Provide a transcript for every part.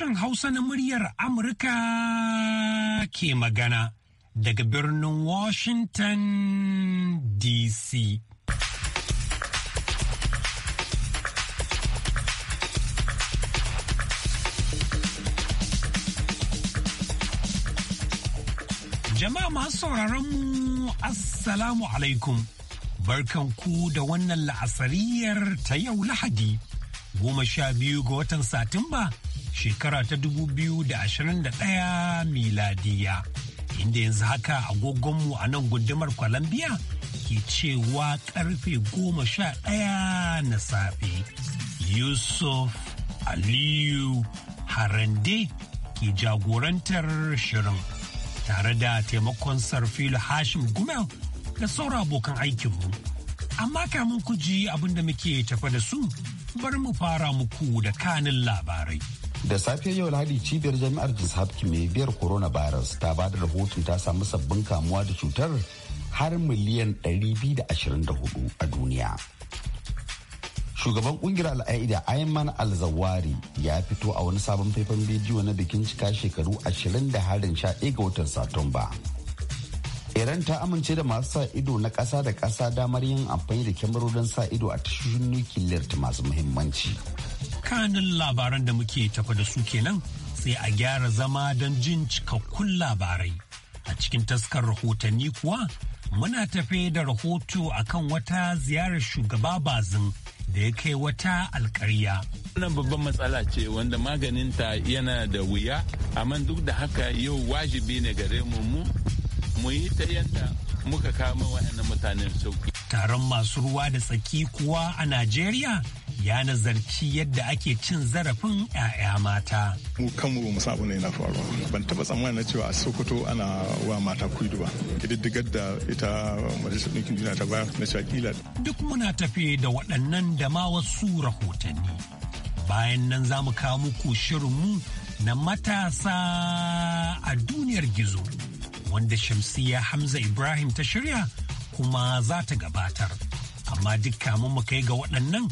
sashen Hausa na muryar Amurka ke magana daga birnin Washington DC. Jama'a masu sauraron mu Assalamu alaikum. Barkan ku da wannan la'asariyar ta yau Lahadi, goma sha biyu ga watan Satumba shekara ta 2021 miladiya inda yanzu haka agogonmu a nan gundumar Colombia ke cewa karfe goma sha ɗaya na safe. Yusuf Aliyu Harande ke jagorantar shirin tare da taimakon sarfil Hashim Gumel da saura abokan aikinmu. Amma kamun ku ji abin muke tafa da su bari mu fara muku da kanin labarai. da safiyar yau lahadi cibiyar jami'ar johns hopkins mai biyar coronavirus ta ba da rahoton ta samu sabbin kamuwa da cutar har miliyan 224 a duniya shugaban kungiyar al'aida ayman al-zawari ya fito a wani sabon faifan bidiyo na bikin cika shekaru 20 da harin sha ga watan satumba iran ta amince da masu sa ido na ƙasa da ƙasa damar yin amfani da kyamarorin sa ido a tashoshin nukiliyar ta masu muhimmanci. kanin labaran da muke tafa da su kenan sai a gyara zama don jin cikakkun labarai. A cikin taskar rahotanni kuwa muna tafe da rahoto akan wata ziyarar shugaba bazin da ya kai wata alkarya. Wannan babban matsala ce wanda maganin ta yana da wuya, amma duk da haka yau wajibi ne gare mu mu mu yi ta yadda muka kama wa'annan mutanen sauki. Taron masu ruwa da tsaki kuwa a Najeriya ya nazarci yadda ake cin zarafin 'ya'ya mata. Mu kanmu mu musa abu ne yana faruwa. Ban taɓa tsammanin cewa a Sokoto ana wa mata kuidu ba. Ƙididdigar da ita Majalisar Ɗinkin Duniya ta bayar na cewa kila. Duk muna tafe da waɗannan da ma wasu rahotanni. Bayan nan za mu kawo muku shirinmu na matasa a duniyar gizo. Wanda Shamsiya Hamza Ibrahim ta shirya kuma za ta gabatar. Amma duk kamun mu kai ga waɗannan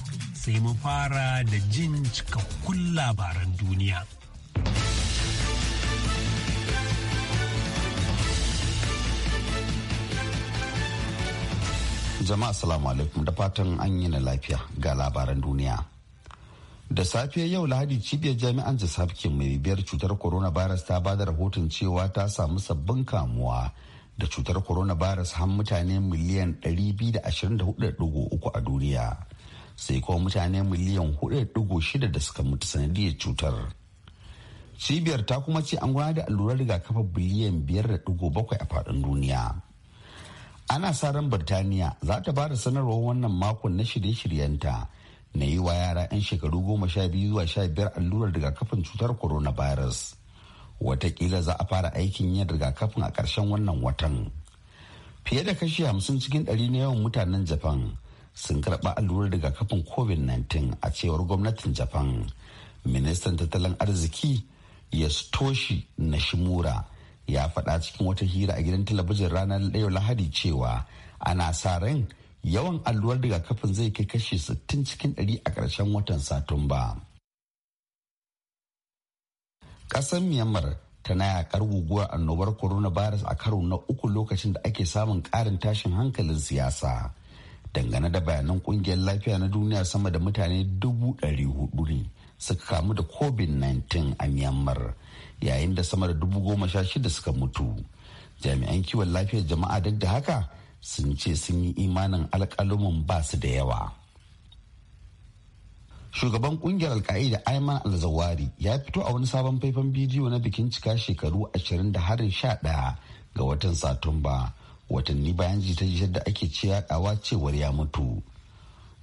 sai mu fara da jin cikakkun labaran duniya. Jama'a salamu alaikum da fatan an yi na lafiya ga labaran duniya. Da safe yau lahadi cibiyar jami'an jisaf mai biyar cutar coronavirus ta bada rahoton cewa ta samu sabbin kamuwa da cutar coronavirus har mutane miliyan 224.3 a duniya. sai kuma mutane miliyan 4.6 da suka mutu sanadiyar cutar cibiyar ta kuma ce an gudanar da allurar rigakafi biliyan 5.7 a faɗin duniya ana sa ran birtaniya za ta ba da sanarwar wannan makon na shirye-shiryenta na yi wa yara 'yan shekaru goma sha biyu zuwa sha biyar allurar rigakafin cutar coronavirus watakila za a fara aikin yin rigakafin a ƙarshen wannan watan fiye da kashi hamsin cikin ɗari na yawan mutanen japan sun karɓa allurar daga rigakafin covid-19 a cewar gwamnatin japan ministan tattalin arziki yastoshi nashimura ya faɗa cikin wata hira a gidan talabijin ranar ɗaya lahadi cewa ana sa ran yawan allurar rigakafin zai kai kashi 60 cikin 100 a ƙarshen watan satumba ƙasar myanmar tana yakar guguwar annobar coronavirus a karo na uku lokacin da ake samun ƙarin tashin hankalin siyasa dangane da bayanan kungiyar lafiya na duniya sama da mutane dubu ɗari hudu ne suka kamu da covid-19 a myanmar yayin da sama da dubu goma sha shida suka mutu jami'an kiwon lafiyar jama'a duk da haka sun ce sun yi imanin alƙalumin ba su da yawa shugaban kungiyar alka'ida ayman alzawari ya fito a wani sabon faifan bidiyo na bikin cika shekaru ashirin da harin sha ɗaya ga watan satumba watanni bayan jita-jitar da ake ce yadawa cewar ya mutu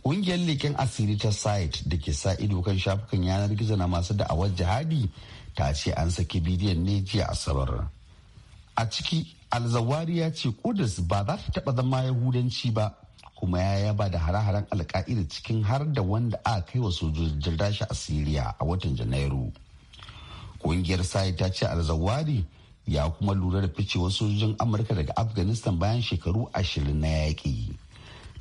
ƙungiyar leƙen asiri ta site da ke sa ido kan shafukan yanar gizo na masu da'awar jihadi ta ce an saki bidiyon ne jiya asabar a ciki alzawari ya ce kudus ba za ta taɓa zama yahudanci ba kuma ya yaba da hare-haren alka'ida cikin har da wanda aka kai wa sojojin rashi a siriya a watan janairu ƙungiyar site ta ce alzawari ya kuma lura da ficewar sojojin amurka daga afghanistan bayan shekaru ashirin na yaƙi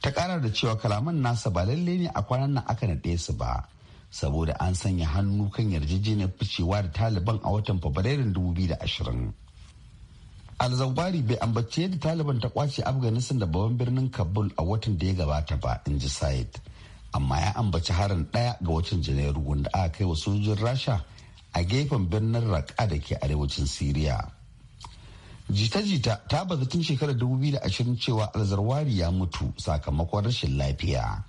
ta ƙara da cewa kalaman nasa ba lalle ne a kwanan nan aka naɗe su ba saboda an sanya hannu kan yarjejeniyar ficewa da taliban a watan fabrairun 2020 alzawari bai ambaci yadda taliban ta kwace afghanistan da babban birnin kabul a watan da ya gabata ba in ji said amma ya ambaci harin ɗaya ga watan janairu wanda aka kai wa sojojin rasha a gefen birnin raka da ke arewacin siriya jita-jita ta bazu tun shekarar 2020 cewa alzarwari ya mutu sakamakon rashin lafiya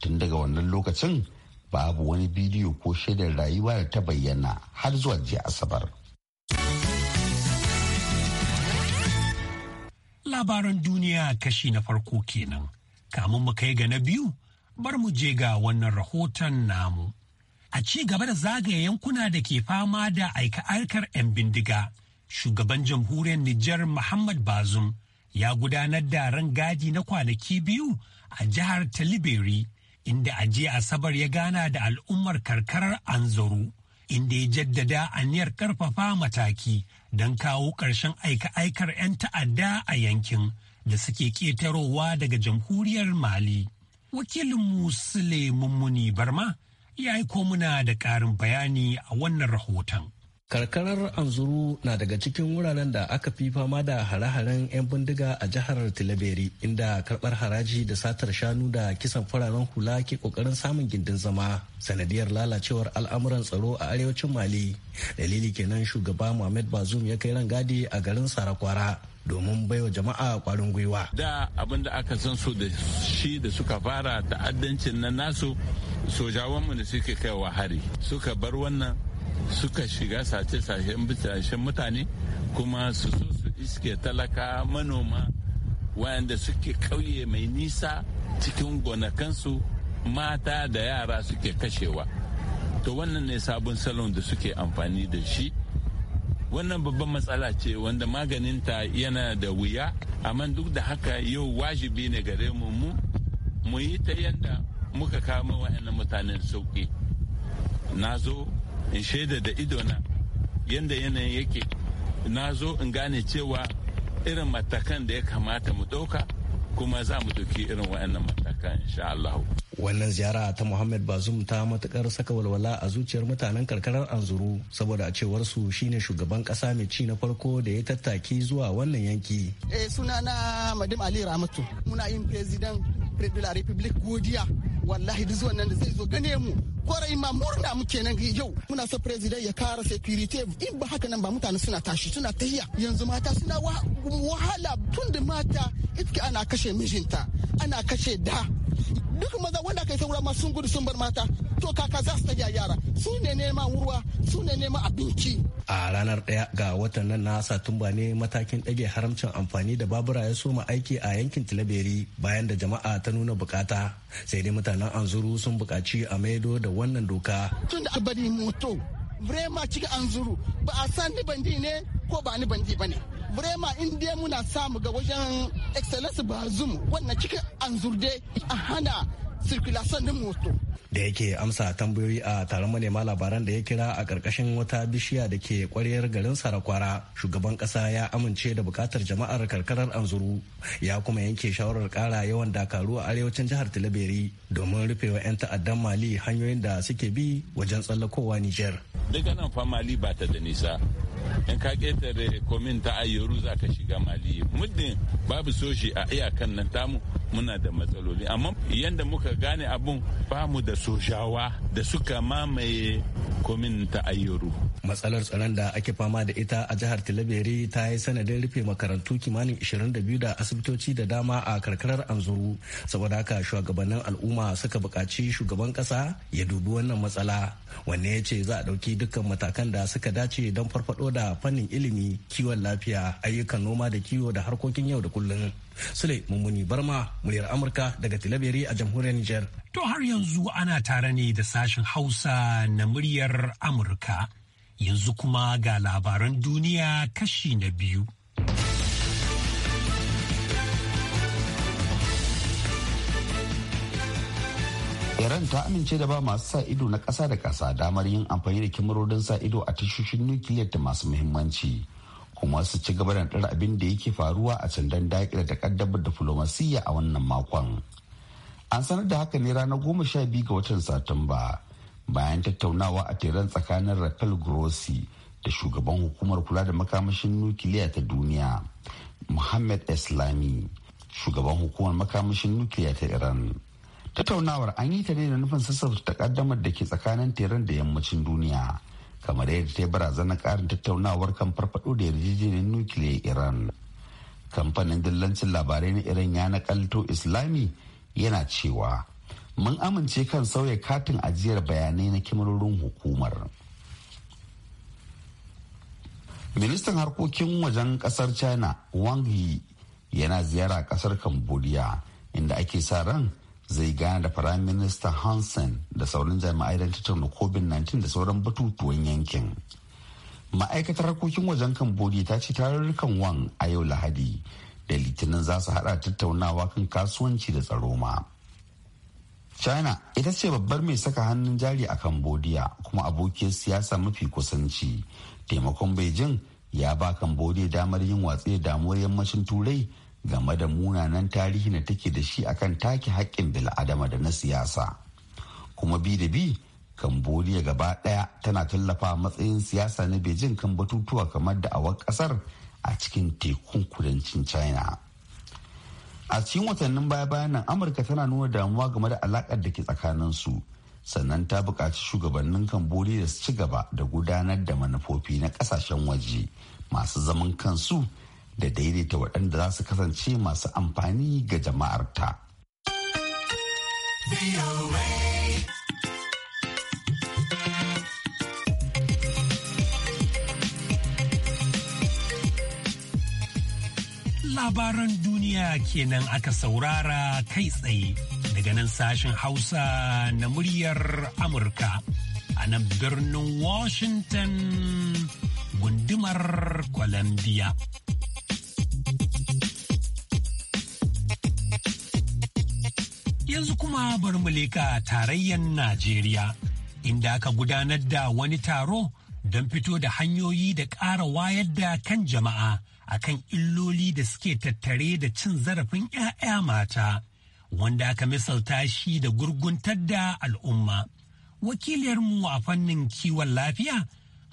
tun daga wannan lokacin babu wani bidiyo ko shaidar rayuwa da ta bayyana har zuwa jiya asabar labaran duniya kashi na farko kenan kamun mu kai ga na biyu bar mu je ga wannan rahoton namu a ci gaba da zagaye yankuna da ke fama da aika-aikar 'yan bindiga shugaban jamhuriyar Nijar Muhammad Bazum ya gudanar da rangaji na kwanaki biyu a jihar Taliberi inda a jiya Asabar ya gana da al'ummar karkarar Anzoro inda ya jaddada aniyar karfafa mataki don kawo ƙarshen aika-aikar 'yan ta'adda a yankin da suke ƙetarowa daga jamhuriyar Mali. Wakilin Musulmin Muni Barma ya aiko muna da ƙarin bayani a wannan rahoton. Karkarar Anzuru na daga cikin wuraren da aka fi fama da hare-haren 'yan bindiga a jihar Tilaberi inda karbar haraji da satar shanu da kisan fararen hula ke kokarin samun gindin zama sanadiyar lalacewar al'amuran tsaro a arewacin Mali. Dalili kenan shugaba Muhammad Bazoum ya kai rangadi a garin Sarakwara domin baiwa jama'a kwarin gwiwa. Da abin da aka san su da shi da suka fara ta'addancin na nasu sojawanmu da suke kaiwa hari suka bar wannan suka shiga sace-sacen mutane kuma su so su iske talaka manoma wayanda suke kauye mai nisa cikin gonakansu mata da yara suke kashewa to wannan ne sabon salon da suke amfani da shi wannan babban matsala ce wanda ta yana da wuya amma duk da haka yau wajibi ne gare mu mu yi ta yadda muka kama wa'annan mutanen sauƙi na zo in shaida da idona yadda yanayin yake na zo in gane cewa irin matakan da ya kamata mu ɗauka kuma za mu ɗauki irin wa'annan matakan insha Allah. Wannan ziyara ta Muhammad Bazum ta matukar saka walwala a zuciyar mutanen karkarar Anzuru saboda a cewar su shine shugaban kasa mai ci na farko da ya tattaki zuwa wannan yanki. Eh sunana Madim Ali Ramatu muna yin president la Republic godiya wallahi duk zuwan nan da zai zo gane mu kwarai ma murna muke nan yau muna so president ya kara security in ba haka nan ba mutane suna tashi suna tahiya yanzu mata suna wahala tun da mata iska ana kashe mijinta ana kashe da duk maza wanda kai saura ma sun gudu sun bar mata to kaka za su ta yara su ne nema ruwa su ne nema abinci a ranar ɗaya ga watan nan na satumba ne matakin ɗage haramcin amfani da babura ya soma aiki a yankin tilaberi bayan da jama'a ta nuna bukata sai dai mutanen anzuru sun bukaci a maido da wannan doka tun da abadi moto vrema cikin anzuru ba a san ni bandi ne ko ba ni bandi ba ne vrema in dai muna samu ga wajen excellence bazum wannan cikin anzurde a hana circulation din moto da yake amsa tambayoyi a taron manema labaran da ya kira a ƙarƙashin wata bishiya da ke ƙwariyar garin sarakwara shugaban ƙasa ya amince da buƙatar jama'ar karkarar anzuru ya kuma yanke shawarar kara yawan dakaru a arewacin jihar tilaberi domin rufewa 'yan ta'addan mali hanyoyin da suke bi wajen tsallakowa niger daga nan fa mali ba ta da nisa in ka ƙetare komin ta ayyuru za ka shiga mali muddin babu soshi a iyakan nan tamu muna da matsaloli amma yadda muka gane abun ba mu da soshawa da suka mamaye komin ta ayyuru. matsalar tsaron da ake fama da ita a jihar tilaberi ta yi sanadin rufe makarantu kimanin 22 da asibitoci da dama a karkarar anzuru saboda haka shugabannin al'umma suka buƙaci shugaban ƙasa ya dubi wannan matsala wanne ya ce za a ɗauki dukkan matakan da suka dace don farfado da fannin ilimi kiwon lafiya ayyukan noma da kiwo da harkokin yau da kullum sule mummuni barma muryar amurka daga tilaberi a jamhuriyar niger to har yanzu ana tare ne da sashen hausa na muryar amurka yanzu kuma ga labaran duniya kashi na biyu iran ta amince da ba masu sa ido na ƙasa da ƙasa damar yin amfani da kyamarorin sa ido a tashoshin nukiliya ta masu muhimmanci kuma su ci gaba da ɗara abin da yake faruwa a can don daƙile da ƙaddamar diflomasiyya a wannan makon an sanar da haka ne ranar goma sha biyu ga watan satumba bayan tattaunawa a teran tsakanin rafael grossi da shugaban hukumar kula da makamashin nukiliya ta duniya muhammad islami shugaban hukumar makamashin nukiliya ta iran tattaunawar an yi ta ne da nufin sassauta takaddamar da ke tsakanin teran da yammacin duniya kamar yadda ta yi barazana karin tattaunawar kan farfado da yarjejeniyar nukiliya iran kamfanin dillancin labarai na iran ya nakalto islami yana cewa mun amince kan sauya katin ajiyar bayanai na kimarorin hukumar ministan harkokin wajen kasar china wang yi yana ziyara kasar cambodia inda ake sa ran zai gana da Prime Minister Hansen da sauran jami'ai don tattauna COVID-19 da sauran batutuwan yankin. Ma'aikatar harkokin wajen Cambodia ta ce tarurrukan Wang a yau Lahadi da Litinin za su hada tattaunawa kan kasuwanci da tsaro ma. China ita ce babbar mai saka hannun jari a Cambodia kuma abokiyar siyasa mafi kusanci. Taimakon Beijing ya ba Cambodia damar yin watsi da damuwar yammacin Turai game da munanan tarihi da take da shi akan take haƙƙin bil'adama da na siyasa kuma bi da bi cambodia gaba ɗaya tana tallafa matsayin siyasa na beijing kan batutuwa kamar da awar ƙasar a cikin tekun kudancin china a cikin watannin baya bayan nan amurka tana nuna damuwa game da alakar da ke su sannan ta buƙaci shugabannin cambodia da su ci gaba da gudanar da manufofi na ƙasashen waje masu zaman kansu da daidaita waɗanda za su kasance masu amfani ga jama'arta. Labaran duniya kenan aka saurara kai tsaye daga nan sashen Hausa na muryar Amurka a nan birnin Washington gundumar Columbia. Yanzu kuma bari mu leka tarayyar Najeriya, inda aka gudanar da wani taro don fito da hanyoyi da ƙara wayar da kan jama'a akan illoli da suke tattare da cin zarafin 'ya'ya mata, wanda aka misalta shi da gurguntar da al'umma. Wakiliyarmu a fannin kiwon lafiya,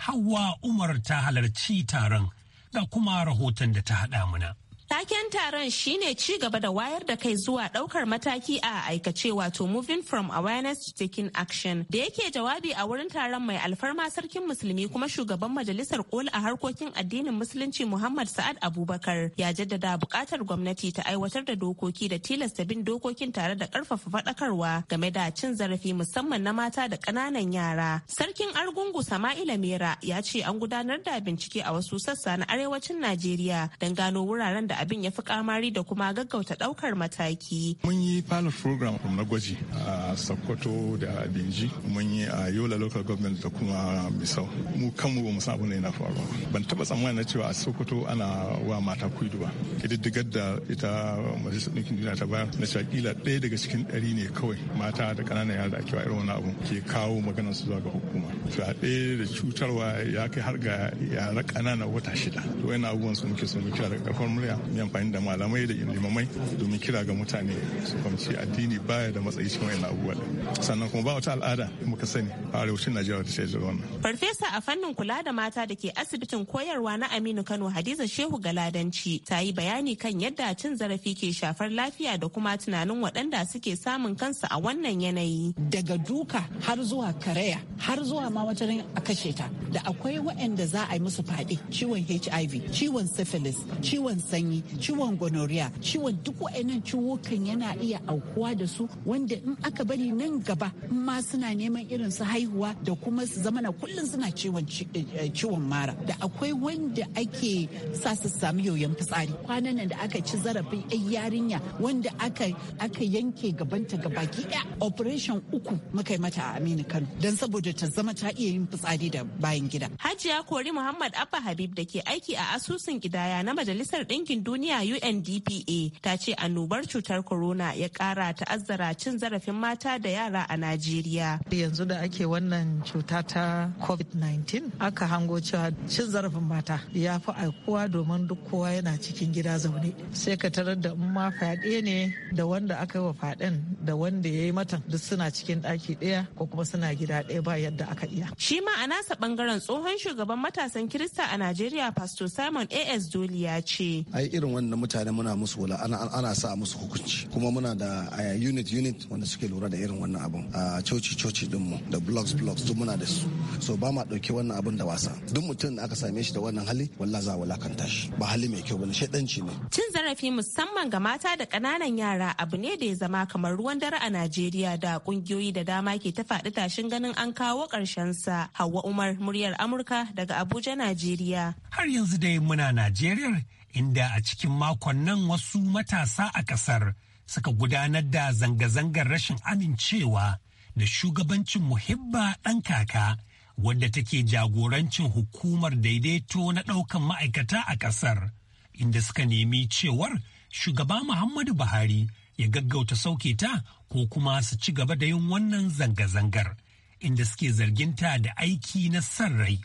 Hauwa Umar ta halarci taron. ga kuma rahoton da ta haɗa muna. Taken taron shine ci gaba da wayar da kai zuwa daukar mataki a aikace wato moving from awareness to taking action da yake jawabi a wurin taron mai alfarma sarkin musulmi kuma shugaban majalisar koli a harkokin addinin musulunci Muhammad Sa'ad Abubakar ya jaddada bukatar gwamnati ta aiwatar da dokoki da tilasta bin dokokin tare da karfafa faɗakarwa game da cin zarafi musamman na mata da kananan yara. Sarkin Argungu Sama'ila Mera ya ce an gudanar da bincike a wasu sassa na arewacin Najeriya don gano wuraren da da abin ya fi kamari da kuma gaggauta daukar mataki. Mun yi pilot program na gwaji a Sokoto da Benji, mun yi a Yola local government da kuma bisau Mu kanmu ba mu san abin da yana faruwa. Ban taba tsammanin cewa a Sokoto ana wa mata kuidu ba. Kididdigar da ita majalisar ɗinkin duniya ta bayar na cewa kila ɗaya daga cikin ɗari ne kawai mata da ƙananan yara da ake wa irin wani abu ke kawo maganar su zuwa ga hukuma. Fyaɗe da cutarwa ya kai har ga yara ƙanana wata shida. wani na abubuwan su muke so mu kira daga kafar murya yi amfani da malamai da limamai domin kira ga mutane su fahimci addini baya da matsayi cikin wayannan abubuwa sannan kuma ba wata al'ada muka sani a arewacin Najeriya da shaidar wannan farfesa a fannin kula da mata da ke asibitin koyarwa na Aminu Kano Hadiza Shehu Galadanci ta yi bayani kan yadda cin zarafi ke shafar lafiya da kuma tunanin waɗanda suke samun kansu a wannan yanayi daga duka har zuwa karaya har zuwa ma wata a kashe ta da akwai waɗanda za a yi musu faɗi ciwon HIV ciwon syphilis ciwon sanyi sanyi ciwon gonorrhea ciwon duk wa'annan ciwukan yana iya aukuwa da su wanda in aka bari nan gaba in ma suna neman irin su haihuwa da kuma su zama na kullum suna ciwon eh, eh, mara da akwai wanda ake sa su sami yoyon fitsari kwanan nan da aka ci zarafin yan yarinya wanda aka aka yanke gabanta gabaki ɗaya operation uku muka yi mata a Aminu Kano don saboda ta zama ta iya yin fitsari da bayan gida. Hajiya Kori Muhammad Abba Habib da ke aiki a asusun gidaya na Majalisar Ɗinkin duniya UNDPA ta ce annobar cutar corona ya kara ta'azzara cin zarafin mata da yara a Najeriya. Yanzu da ake wannan cuta ta COVID-19 aka hango cewa cin zarafin mata ya fi aikuwa domin duk kowa yana cikin gida zaune. Sai ka tarar da ma fyaɗe ne da wanda aka yi wa fyaɗen da wanda ya yi matan duk suna cikin ɗaki ɗaya ko kuma suna gida ɗaya ba yadda aka iya. Shi ma a nasa ɓangaren tsohon shugaban matasan Kirista a Najeriya Pastor Simon A.S. Doli ya ce. irin wannan mutane muna musu wala ana sa musu hukunci kuma muna da eh, unit unit wanda suke lura da irin wannan abun a coci coci dinmu da blocks blocks duk muna da su so ba ma dauke wannan abun da wasa duk mutum da aka same shi da wannan hali walla za wulakanta shi ba hali mai kyau bane shaidanci ne cin zarafi musamman ga mata da kananan yara abu ne da ya zama kamar ruwan dare a Najeriya da kungiyoyi da dama ke ta faɗi tashin ganin an kawo ƙarshen sa Hauwa Umar muryar Amurka daga Abuja Najeriya har yanzu dai muna Najeriya inda a cikin makon nan wasu matasa a ƙasar suka gudanar da zanga-zangar rashin amincewa da shugabancin muhibba ɗan kaka wadda take jagorancin hukumar daidaito na ɗaukan ma'aikata a ƙasar inda suka nemi cewar shugaba Muhammadu Buhari ya gaggauta sauke ta ko kuma su ci gaba da yin wannan zanga-zangar inda suke zarginta da aiki na san rai.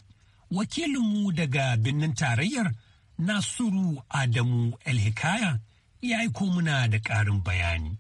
Wakilinmu daga birnin tarayyar Nasiru Adamu Elhikaya ya yi komuna da ƙarin bayani.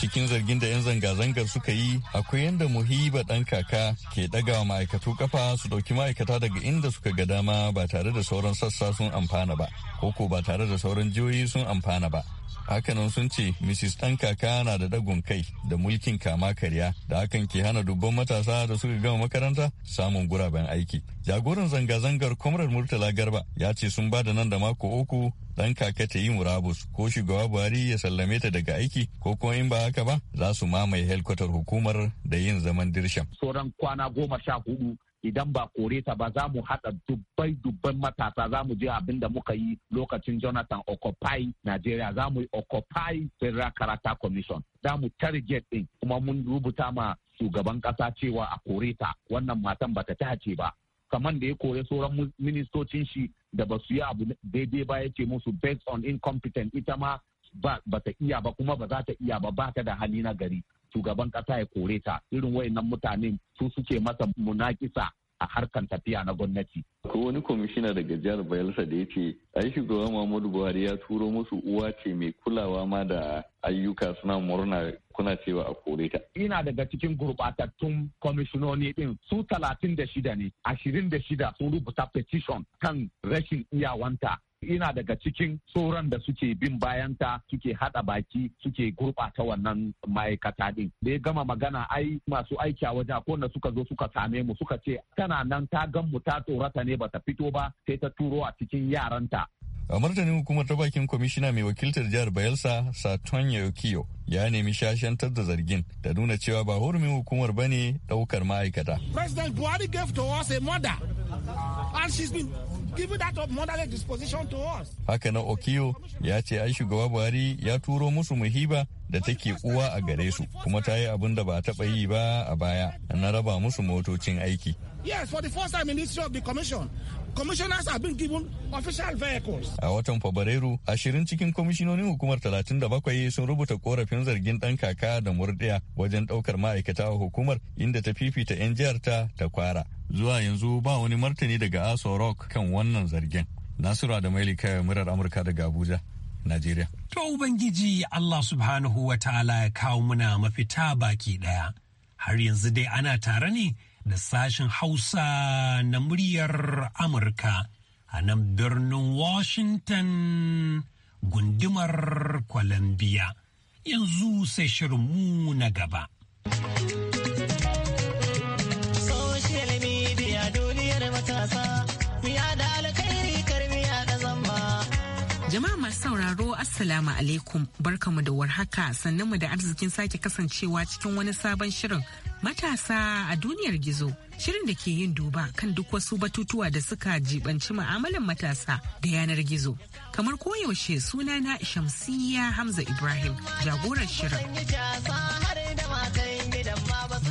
cikin zargin da 'yan zanga-zangar suka yi akwai yadda muhiba ɗan kaka ke ɗaga wa ma'aikatu kafa su ɗauki ma'aikata daga inda suka ga dama ba tare da sauran sassa sun amfana ba koko ko ba tare da sauran jihohi sun amfana ba hakanan sun ce mrs ɗan kaka na da dagon kai da mulkin kama karya da hakan ke hana dubban matasa da suka gama makaranta samun guraben aiki jagoran zanga-zangar kwamrar murtala garba ya ce sun ba da nan da mako uku ɗan kaka ta yi murabus ko shugaba buhari ya sallame ta daga aiki ko kuma in ba haka ba za su mamaye helkwatar hukumar da yin zaman dirshan sauran kwana goma sha hudu idan ba kore ta ba za mu haɗa dubbai dubban matasa za mu je abin da muka yi lokacin jonathan occupy nigeria za mu yi occupy federal Karata commission za mu target ɗin kuma mun rubuta ma shugaban ƙasa cewa a kore ta wannan matan ba ta tace ba kamar da ya kore sauran ministocin shi da ba su yi abu daidai ba ya ce musu based on incompetent ita ma ba ta iya ba kuma ba za ta iya ba ba ta da hali na gari shugaban kasa ya kore ta irin wayannan mutane su suke masa munakisa a harkan tafiya na gwamnati ko wani kwamishina daga jihar bayelsa da ya ce ai shugaba muhammadu buhari ya turo musu uwa ce mai kulawa ma da ayyuka suna murna kuna cewa a kore ta. ina daga cikin gurbatattun kwamishinoni din su talatin da shida ne ashirin da shida sun rubuta petition kan rashin iyawanta ina daga cikin tsoron da suke bin bayanta suke hada baki suke gurbata wannan ma'aikata din da ya gama magana ai masu aiki a wajen ko suka zo suka same mu suka ce tana nan ta gan mu ta tsorata mutane ba ta fito ba sai ta turo a cikin yaranta. a martanin hukumar ta bakin kwamishina mai wakiltar jihar bayelsa satonya yokiyo ya nemi shashantar da zargin da nuna cewa ba hurumin hukumar ba ne daukar ma'aikata president buhari gave to us a mother and she's been given that motherly disposition to us haka na okiyo ya ce ai shugaba buhari ya turo musu muhiba da take uwa a gare su kuma ta yi abin da ba taɓa yi ba a baya na raba musu motocin aiki Yes, for the first time in history of the commission, commissioners have been given official vehicles. A watan Fabrairu, ashirin cikin kwamishinonin hukumar 37 sun rubuta korafin zargin dan kaka da murdiya wajen daukar ma'aikata a hukumar inda ta fifita 'yan jihar ta ta kwara. Zuwa yanzu ba wani martani daga Aso Rock kan wannan zargin. Nasiru da Maili murar Amurka daga Abuja, Najeriya. To Ubangiji Allah subhanahu wa ta'ala ya kawo muna mafita baki daya Har yanzu dai ana tare ne da sashen Hausa na muryar Amurka a nan birnin Washington gundumar Columbia. Yanzu sai shirinmu na gaba. Jama'a masu sauraro Assalamu alaikum barkamu da warhaka sannan mu da arzikin sake kasancewa cikin wani sabon shirin matasa a duniyar gizo. Shirin da ke yin duba kan duk wasu batutuwa da suka jibanci ma'amalan matasa da yanar gizo. Kamar koyaushe sunana Shamsiyya Hamza Ibrahim jagoran shirin.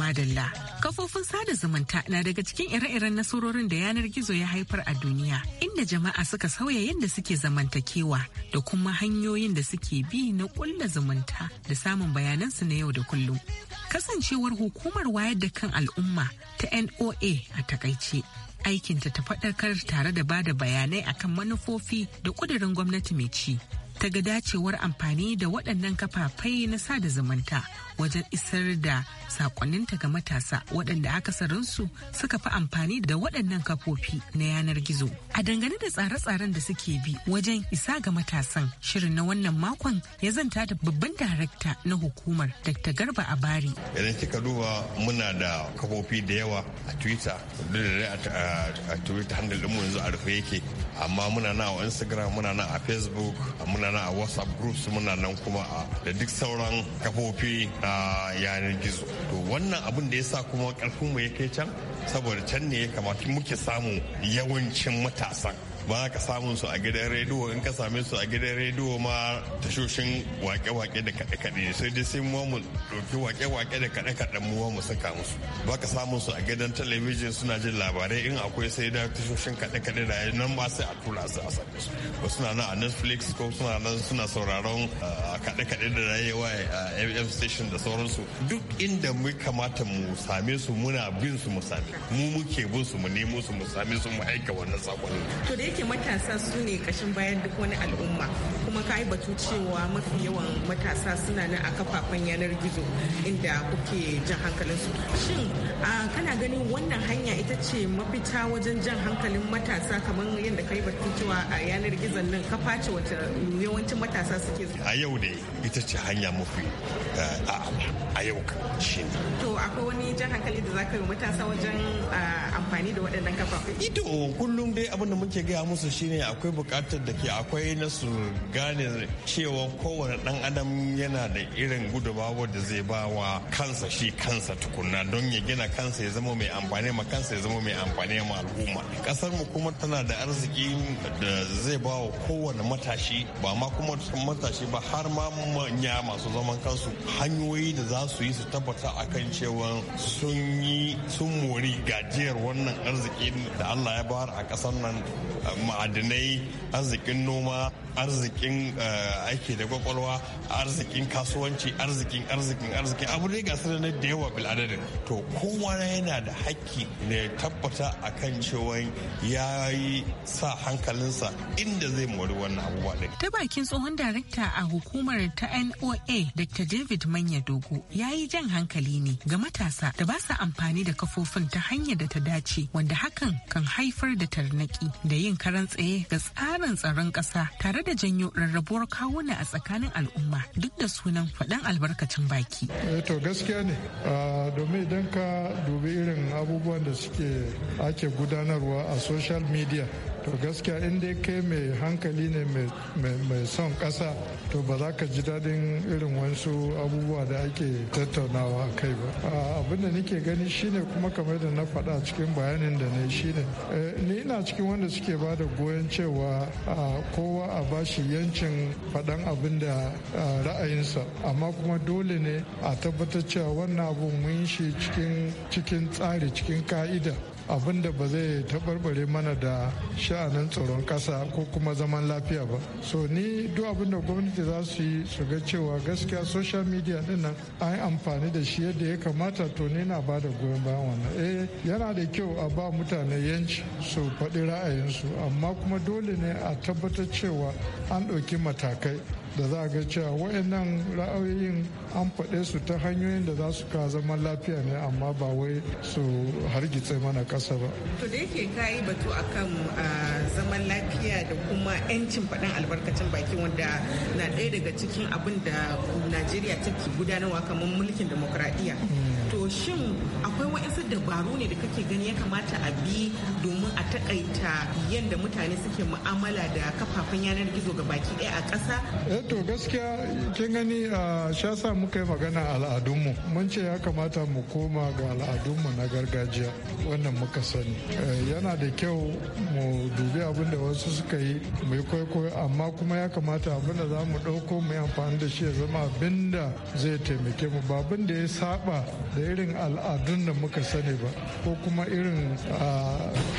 madalla. Kafofin sada zumunta na daga cikin ire-iren nasarorin da yanar gizo ya haifar a duniya, inda jama'a suka sauya yadda suke zamantakewa da kuma hanyoyin da suke bi na ƙulla zumunta da samun bayanansu na yau da kullum. Kasancewar hukumar wayar da kan al'umma ta NOA a takaice. Aikinta ta faɗakar tare da bada bayanai akan manufofi da ƙudurin gwamnati mai ci. Ta ga dacewar amfani da waɗannan kafafai na sada zumunta wajen isar da sakonninta ga matasa waɗanda akasarinsu suka fi amfani da waɗannan kafofi na yanar gizo. A dangane da tsare-tsaren da suke bi wajen isa ga matasan shirin na wannan makon ya zanta da babban darakta na hukumar Dr. Garba Abari. Idan kika duba muna da kafofi da yawa a Twitter, a Twitter handle ɗinmu yanzu a rufe yake, amma muna na a Instagram, muna na a Facebook, muna na a WhatsApp groups, muna nan kuma da duk sauran kafofi na yanar gizo to wannan abin da ya sa kuma karfinmu ya kai can saboda can ne ya kamata muke samu yawancin matasan ba ka samun su a gidan rediyo in ka same su a gidan rediyo ma tashoshin wake-wake da kaɗe-kaɗe sai dai sai mu mu ɗauki wake-wake da kaɗe-kaɗen mu mu saka musu ba ka samun su a gidan talabijin suna jin labarai in akwai sai da tashoshin kaɗe-kaɗe da nan ba sai a tura su a same su ba suna nan a netflix ko suna nan suna sauraron ah, kaɗe-kaɗe da rayewa ah, a fm station da sauransu duk inda mu kamata mu same su muna bin su mu same mu muke bin su mu nemo su mu same su mu aika wannan sakonin. to da yake matasa su ne kashin bayan duk wani al'umma kuma ka yi batu cewa mafi yawan matasa suna nan a kafafen yanar gizo inda kuke jan hankalinsu shin kana ganin wannan hanya ita ce mafita wajen jan hankalin matasa kamar kai batun cewa a yanar gizon nan kafa ce wacce yawancin matasa suke a yau ne ita ce hanya mafi eh, a yau shi ne to akwai wani jan hankali da za ka yi matasa wajen eh, amfani da waɗannan kafafen ito kullum dai abin da muke gaya musu shine akwai buƙatar da ke akwai na su gane cewa kowane ɗan adam yana da irin gudubawa da zai ba wa kansa shi kansa tukunna don ya gina kansa ya zama mai amfani ma kansa ya zama mai amfani ma al'umma kasar mu kuma tana da arziki sauƙi da zai ba wa kowane matashi ba ma kuma matashi ba har ma manya masu zaman kansu hanyoyi da za su yi su tabbata a kan cewa sun yi sun mori gajiyar wannan arzikin da Allah ya bayar a ƙasar nan ma'adinai arzikin noma arzikin eh, aiki da kwakwalwa arzikin kasuwanci arzikin arzikin arzikin abu dai gasar na da yawa biladadin to kowa yana da hakki ne tabbata a kan cewa ya yi sa hankalinsa inda zai mori wannan abubuwa din ta bakin tsohon darekta a hukumar ta NOA Dr. David Manya Dogo ya yi jan hankali ne ga matasa da ba sa amfani da kafofin ta hanyar da ta dace wanda hakan kan haifar da tarnaki da yin karan tsaye ga tsarin tsaron ƙasa tare da janyo rarrabuwar kawuna a tsakanin al'umma duk da sunan faɗan albarkacin baki. Eh, to gaskiya ne ah, domin idan ka dubi irin abubuwan da suke ake gudanarwa a social media to gaskiya in dai kai mai hankali ne mai son kasa to ba za ka ji daɗin irin wasu abubuwa da ake tattaunawa a kai ba abin da nake gani shine kuma kamar da na faɗa cikin bayanin da na shine eh, ni ina cikin wanda suke ba da goyon cewa kowa a bashi yancin faɗan abin da ra'ayinsa amma kuma dole ne a tabbatar cewa wannan abun mun shi cikin tsari cikin ka'ida abin da ba zai tabarbare mana da sha'anin tsaron ƙasa ko kuma zaman lafiya ba so ni duk abin da gwamnati za su yi su ga cewa gaskiya social media din nan an yi amfani da shi yadda ya kamata to ni na ba da goyon bayan wannan eh yana da kyau a ba mutane yanci su faɗi ra'ayinsu amma kuma dole ne a tabbatar cewa an ɗauki matakai da za a ga cewa wayannan ra'ayoyin an faɗe su ta hanyoyin da za su ka zaman lafiya ne amma ba wai su hargitse mana ƙasa ba. To da yake ka yi batu akan zaman lafiya da kuma 'yancin faɗin albarkacin baki wanda na ɗaya daga cikin abin da Najeriya take gudanarwa kamar mulkin demokuraɗiyya. Mm. shin akwai wa'insu dabaru ne da kake gani ya kamata a bi domin a takaita yadda mutane suke mu'amala da kafafen yanar gizo ga baki ɗaya a ƙasa? eh to gaskiya kin gani a shasa muka yi magana a al'adunmu mun ce ya kamata mu koma ga al'adunmu na gargajiya wannan muka sani eh, yana da kyau mu dubi abin da wasu suka yi mu yi kwaikwayo amma kuma ya kamata abin da za mu ɗauko mu yi amfani da shi ya zama abin da zai taimake mu babin da ya saba da irin al'adun da muka sani ba ko kuma irin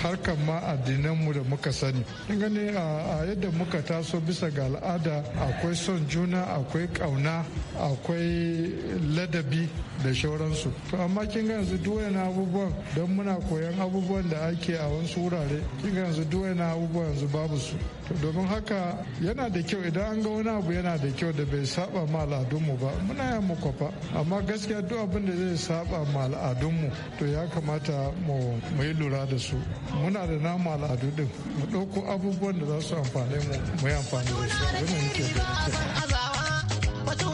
harkar ma addinanmu da muka sani gani a yadda muka taso bisa ga al'ada akwai son juna akwai kauna akwai ladabi da shauransu to amma kin ga yanzu duwaye na abubuwan don muna koyan abubuwan da ake a wasu wurare kin ga yanzu duwaye na abubuwan yanzu babu su to domin haka yana da kyau idan an ga wani abu yana da kyau da bai saba ma al'adunmu ba muna yan mu kwafa amma gaskiya duk abin da zai saba saba ma al'adunmu to ya kamata mu yi lura da su muna da namu al'adu din mu ɗauko abubuwan da za su amfane mu mu yi amfani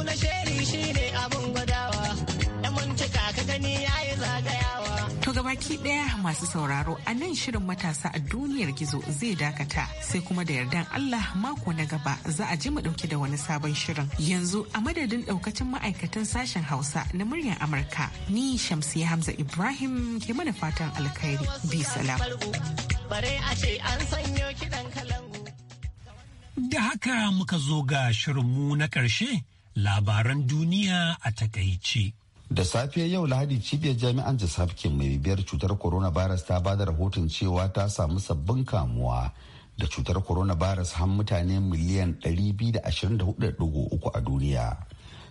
da su baki ɗaya masu sauraro a nan shirin matasa a duniyar gizo zai dakata sai kuma da yardan Allah mako na gaba za a ji mu ɗauki da wani sabon shirin. Yanzu a madadin ɗaukacin ma'aikatan sashen Hausa na muryar Amurka ni shamsi Hamza Ibrahim ke mana fatan alkhairi. Bi salam. Da haka muka zo ga shirin mu na ƙarshe labaran duniya a takaice. da safe yau lahadi cibiyar jami'an jisafkin mai bibiyar cutar coronavirus ta ba da rahoton cewa ta samu sabbin kamuwa da cutar coronavirus har mutane miliyan 224.3 a duniya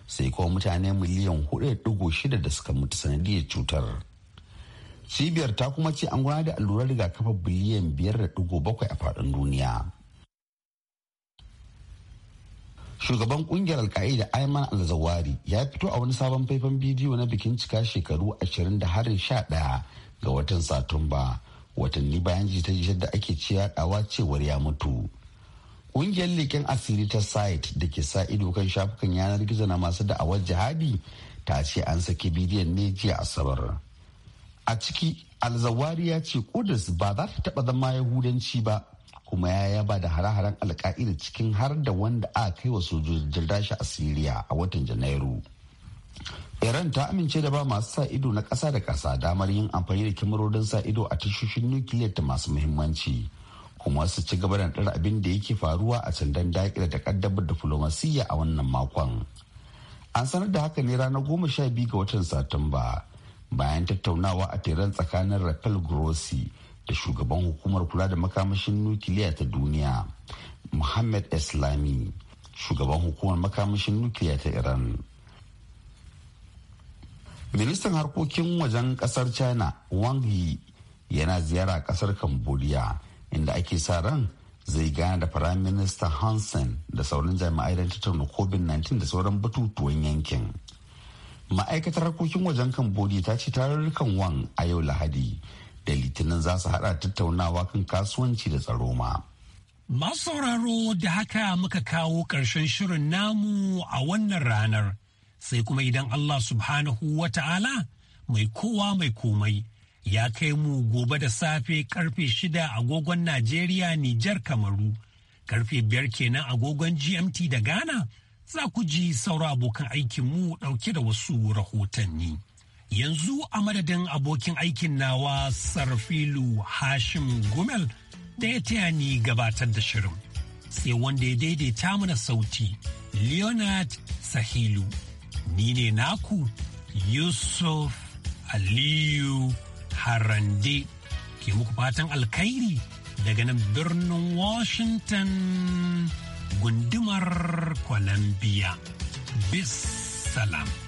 sai kuma mutane miliyan 4.6 da suka mutu sanadiyar cutar cibiyar ta kuma ce an gudanar da allurar rigakafi biliyan 5.7 a faɗin duniya shugaban kungiyar alka'ida ayman al-zawari ya fito a wani sabon faifan bidiyo na bikin cika shekaru ashirin da harin sha ɗaya ga watan satumba watanni bayan jita-jitar da ake ciyaɗawa cewar ya mutu kungiyar leƙen asiri ta site da ke sa ido kan shafukan yanar gizo na masu da'awar jihadi ta ce an saki bidiyon ne jiya asabar a ciki alzawari ya ce kudus ba za ta taɓa zama yahudanci ba kuma ya ya ba da hare-haren alka'ida cikin har da wanda aka kai wa sojojin rashi a siriya a watan janairu iran ta amince da ba masu sa ido na ƙasa da ƙasa damar yin amfani da kyamarorin sa ido a tashoshin nukiliyar ta masu muhimmanci kuma su ci gaba da ɗara abin da yake faruwa a sandan daƙila da ƙaddamar diflomasiyya a wannan makon an sanar da haka ne ranar goma sha biyu ga watan satumba bayan tattaunawa a teran tsakanin rafael grossi da shugaban hukumar kula da makamashin nukiliya ta duniya muhammad islami shugaban hukumar makamashin nukiliya ta iran ministan harkokin wajen kasar china wang yi yana ziyara kasar cambodia inda ake sa ran zai gana da prime minister hansen da sauran jami'ai don tattauna covid-19 da sauran batutuwan yankin ma'aikatar harkokin wajen cambodia ta ce tarurrukan wang a yau lahadi da litinin za su hada tattaunawa kan kasuwanci da tsaro ma. Masu sauraro da haka muka kawo ƙarshen shirin namu a wannan ranar sai kuma idan Allah subhanahu wa ta'ala mai kowa mai komai ya kai mu gobe da safe karfe shida agogon Najeriya Nijar Kamaru karfe biyar kenan agogon GMT da Ghana za ku ji sauran abokan aikinmu ɗauke da wasu rahotanni. Yanzu a madadin abokin aikin nawa Sarfilu Hashim Gumel da ya taya ni gabatar da shirin. Sai wanda ya daidaita mana sauti, Leonard Sahilu. Ni ne naku Yusuf Aliyu Harande ke muku fatan alkhairi daga nan birnin Washington gundumar Columbia. Bis salam.